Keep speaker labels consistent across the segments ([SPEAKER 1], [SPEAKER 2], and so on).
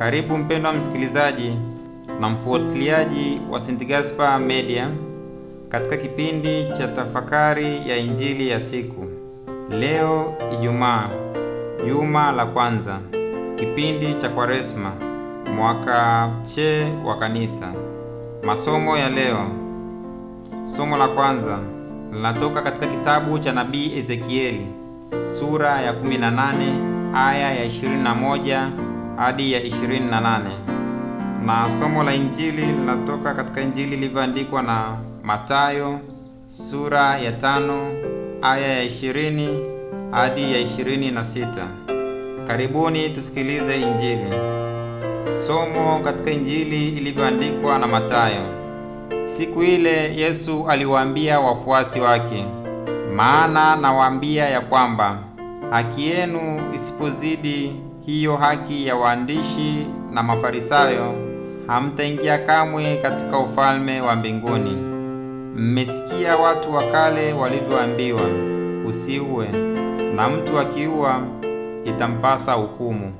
[SPEAKER 1] Karibu mpendwa msikilizaji na mfuatiliaji wa St. Gaspar Media katika kipindi cha tafakari ya Injili ya siku. Leo Ijumaa, juma la kwanza, kipindi cha Kwaresma, mwaka C wa Kanisa. Masomo ya leo. Somo la kwanza linatoka katika kitabu cha nabii Ezekieli sura ya 18 aya ya 21 hadi ya 28 na somo la injili linatoka katika injili ilivyoandikwa na matayo sura ya tano aya ya 20 hadi ya 26. Karibuni tusikilize injili. Somo katika injili ilivyoandikwa na matayo Siku ile Yesu aliwaambia wafuasi wake, maana nawaambia ya kwamba haki yenu isipozidi hiyo haki ya waandishi na Mafarisayo, hamtaingia kamwe katika ufalme wa mbinguni. Mmesikia watu wa kale walivyoambiwa, usiue, na mtu akiua itampasa hukumu.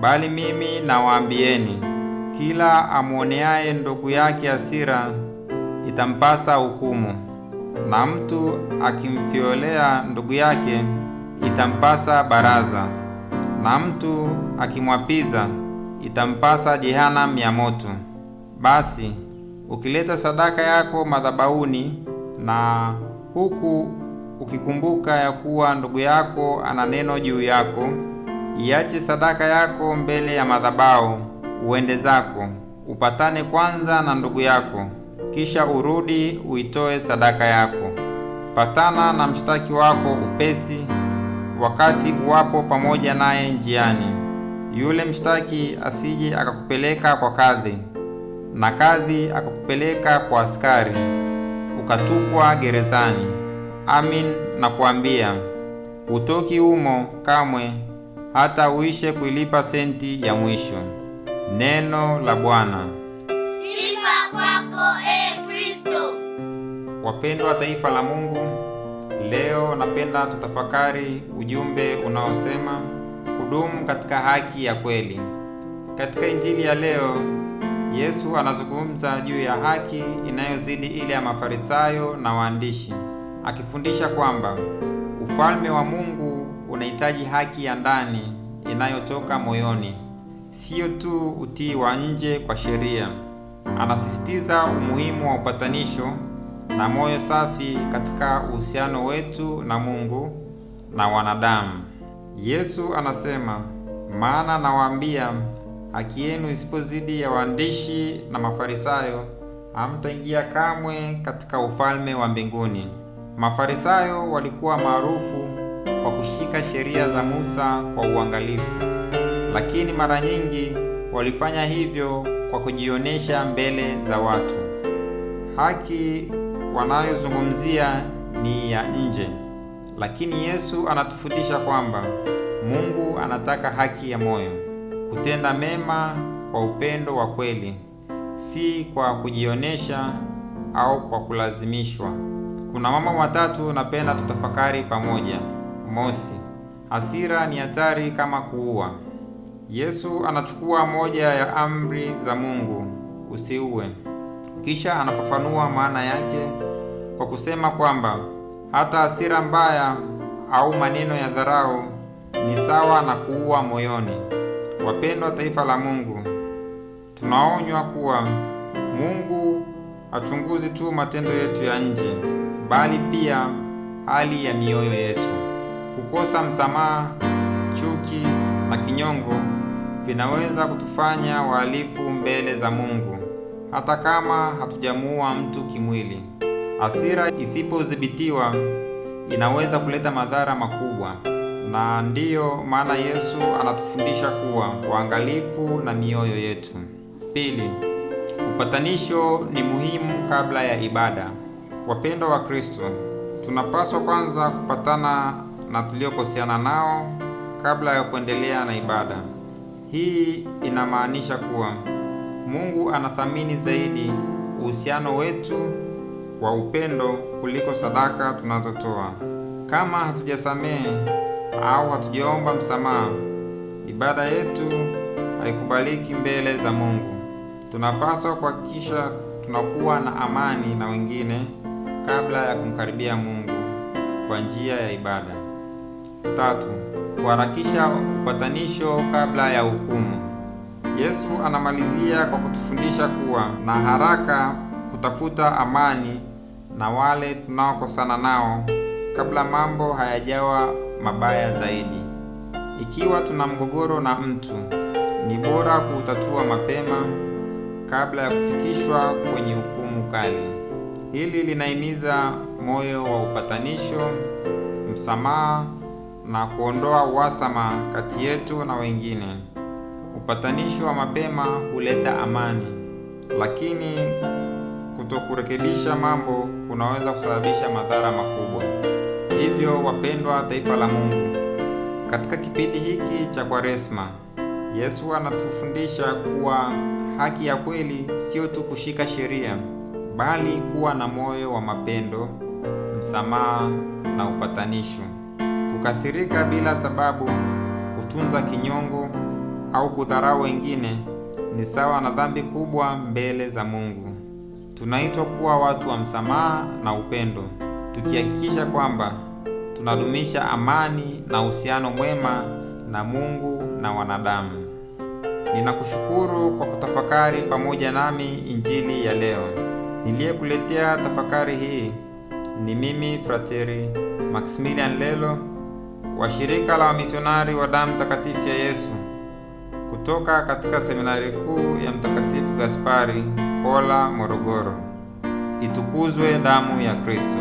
[SPEAKER 1] Bali mimi nawaambieni, kila amwoneaye ndugu yake hasira itampasa hukumu, na mtu akimfiolea ndugu yake itampasa baraza na mtu akimwapiza itampasa jehanamu ya moto. Basi ukileta sadaka yako madhabahuni na huku ukikumbuka ya kuwa ndugu yako ana neno juu yako, iache sadaka yako mbele ya madhabahu, uende zako, upatane kwanza na ndugu yako, kisha urudi uitoe sadaka yako. Patana na mshtaki wako upesi wakati uwapo pamoja naye njiani, yule mshtaki asije akakupeleka kwa kadhi, na kadhi akakupeleka kwa askari, ukatupwa gerezani. Amin nakuambia, hutoki humo kamwe, hata uishe kuilipa senti ya mwisho. Neno la Bwana.
[SPEAKER 2] Sifa kwako, eh, Kristo.
[SPEAKER 1] Wapendwa taifa la Mungu, Leo napenda tutafakari ujumbe unaosema kudumu katika haki ya kweli. Katika Injili ya leo, Yesu anazungumza juu ya haki inayozidi ile ya Mafarisayo na waandishi, akifundisha kwamba ufalme wa Mungu unahitaji haki ya ndani inayotoka moyoni, sio tu utii wa nje kwa sheria. Anasisitiza umuhimu wa upatanisho na moyo safi katika uhusiano wetu na Mungu na wanadamu. Yesu anasema, maana nawaambia haki yenu isipozidi ya waandishi na Mafarisayo, hamtaingia kamwe katika ufalme wa mbinguni. Mafarisayo walikuwa maarufu kwa kushika sheria za Musa kwa uangalifu, lakini mara nyingi walifanya hivyo kwa kujionyesha mbele za watu. Haki wanayozungumzia ni ya nje, lakini Yesu anatufundisha kwamba Mungu anataka haki ya moyo, kutenda mema kwa upendo wa kweli, si kwa kujionesha au kwa kulazimishwa. Kuna mambo matatu napenda tutafakari pamoja. Mosi, hasira ni hatari kama kuua. Yesu anachukua moja ya amri za Mungu, usiue. Kisha anafafanua maana yake kwa kusema kwamba hata hasira mbaya au maneno ya dharau ni sawa na kuua moyoni. Wapendwa taifa la Mungu, tunaonywa kuwa Mungu hachunguzi tu matendo yetu ya nje, bali pia hali ya mioyo yetu. Kukosa msamaha, chuki na kinyongo vinaweza kutufanya wahalifu mbele za Mungu hata kama hatujamuua mtu kimwili. Hasira isipodhibitiwa inaweza kuleta madhara makubwa, na ndiyo maana Yesu anatufundisha kuwa waangalifu na mioyo yetu. Pili, upatanisho ni muhimu kabla ya ibada. Wapendwa wa Kristo, tunapaswa kwanza kupatana na tuliokoseana nao kabla ya kuendelea na ibada. Hii inamaanisha kuwa Mungu anathamini zaidi uhusiano wetu wa upendo kuliko sadaka tunazotoa. Kama hatujasamehe au hatujaomba msamaha, ibada yetu haikubaliki mbele za Mungu. Tunapaswa kuhakikisha tunakuwa na amani na wengine kabla ya kumkaribia Mungu kwa njia ya ibada. Tatu, kuharakisha upatanisho kabla ya hukumu. Yesu anamalizia kwa kutufundisha kuwa na haraka kutafuta amani na wale tunaokosana nao kabla mambo hayajawa mabaya zaidi. Ikiwa tuna mgogoro na mtu, ni bora kuutatua mapema kabla ya kufikishwa kwenye hukumu kali. Hili linahimiza moyo wa upatanisho, msamaha na kuondoa uhasama kati yetu na wengine upatanisho wa mapema huleta amani, lakini kutokurekebisha mambo kunaweza kusababisha madhara makubwa. Hivyo wapendwa, taifa la Mungu, katika kipindi hiki cha Kwaresma, Yesu anatufundisha kuwa haki ya kweli sio tu kushika sheria, bali kuwa na moyo wa mapendo, msamaha na upatanisho, kukasirika bila sababu, kutunza kinyongo au kudharau wengine ni sawa na dhambi kubwa mbele za Mungu. Tunaitwa kuwa watu wa msamaha na upendo, tukihakikisha kwamba tunadumisha amani na uhusiano mwema na Mungu na wanadamu. Ninakushukuru kwa kutafakari pamoja nami Injili ya leo. Niliyekuletea tafakari hii ni mimi Frateri Maximilian Lelo wa shirika la wamisionari wa damu takatifu ya Yesu kutoka katika seminari kuu ya Mtakatifu Gaspari Kola, Morogoro. Itukuzwe Damu ya Kristo!